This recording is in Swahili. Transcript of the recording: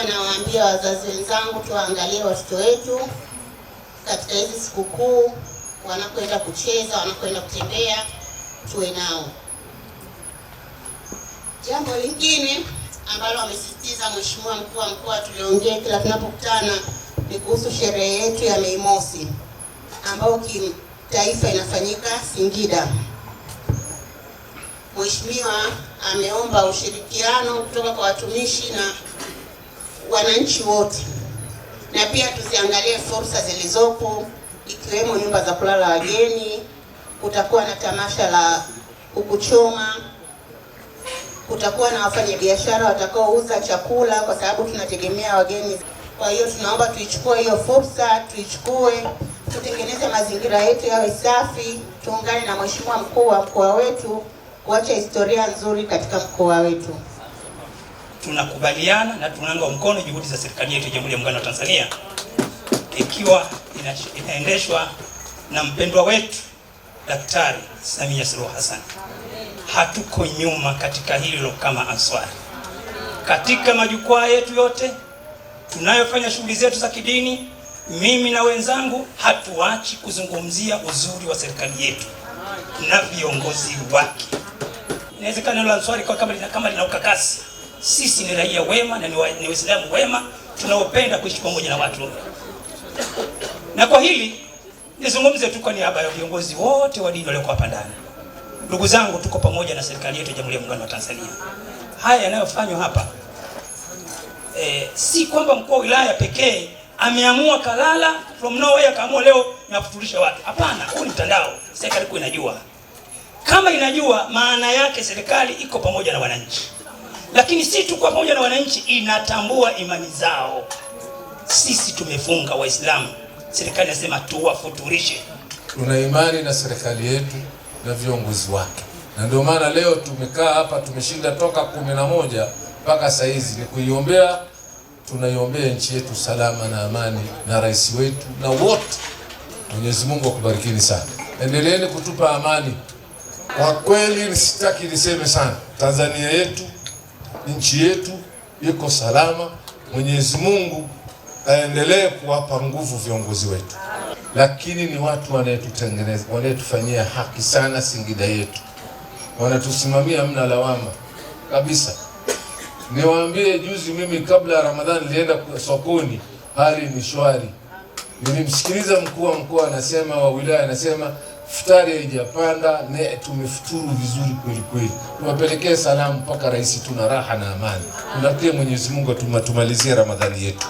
huwa nawaambia wazazi wenzangu, tuwaangalie watoto wetu katika hizi sikukuu, wanakwenda kucheza, wanakwenda kutembea, tuwe nao. Jambo lingine ambalo amesisitiza Mheshimiwa mkuu wa mkoa, tuliongea kila tunapokutana, ni kuhusu sherehe yetu ya Mei Mosi ambayo kitaifa inafanyika Singida. Mheshimiwa ameomba ushirikiano kutoka kwa watumishi na wananchi wote, na pia tuziangalie fursa zilizopo ikiwemo nyumba za kulala wageni. Kutakuwa na tamasha la kukuchoma, kutakuwa na wafanyabiashara watakaouza chakula, kwa sababu tunategemea wageni. Kwa hiyo tunaomba tuichukue hiyo fursa, tuichukue tutengeneze mazingira yetu yawe safi, tuungane na mheshimiwa mkuu wa mkoa wetu kuacha historia nzuri katika mkoa wetu tunakubaliana na tunaunga mkono juhudi za serikali yetu ya Jamhuri ya Muungano wa Tanzania ikiwa inaendeshwa na mpendwa wetu Daktari Samia Suluhu Hassan. Hatuko nyuma katika hilo kama Answari. Katika majukwaa yetu yote tunayofanya shughuli zetu za kidini, mimi na wenzangu hatuachi kuzungumzia uzuri wa serikali yetu na viongozi wake. Inawezekana hilo Answari kwa kama lina kama lina ukakasi sisi ni raia wema na ni Waislamu wema tunaopenda kuishi pamoja na watu, na kwa hili nizungumze tu kwa niaba ya viongozi wote wa dini walioko hapa ndani. Ndugu zangu, tuko pamoja na serikali yetu ya Jamhuri ya Muungano wa Tanzania. Haya yanayofanywa hapa e, si kwamba mkuu wa wilaya pekee ameamua kalala from nowhere akaamua leo nafutulisha watu. Hapana, huu ni mtandao. Serikali kuu inajua, kama inajua, maana yake serikali iko pamoja na wananchi lakini si tu kwa pamoja na wananchi, inatambua imani zao. Sisi tumefunga Waislamu, serikali nasema tuwafuturishe. Tuna imani na serikali yetu na viongozi wake, na ndio maana leo tumekaa hapa, tumeshinda toka kumi na moja mpaka saizi hizi ni kuiombea, tunaiombea nchi yetu salama na amani, na rais wetu na wote. Mwenyezi Mungu akubarikini sana, endeleeni kutupa amani. Kwa kweli sitaki niseme sana, Tanzania yetu nchi yetu iko salama. Mwenyezi Mungu aendelee kuwapa nguvu viongozi wetu, lakini ni watu wanayetutengeneza, wanayetufanyia haki sana Singida yetu, wanatusimamia, mna lawama kabisa. Niwaambie, juzi mimi kabla ya Ramadhani nilienda sokoni, hali ni shwari. Nilimsikiliza mkuu wa mkoa anasema, wa wilaya anasema futari haijapanda na tumefuturu vizuri kweli kweli. Tuwapelekee salamu mpaka rais, tuna raha na amani, tunatie Mwenyezi Mungu atumalizie Ramadhani yetu.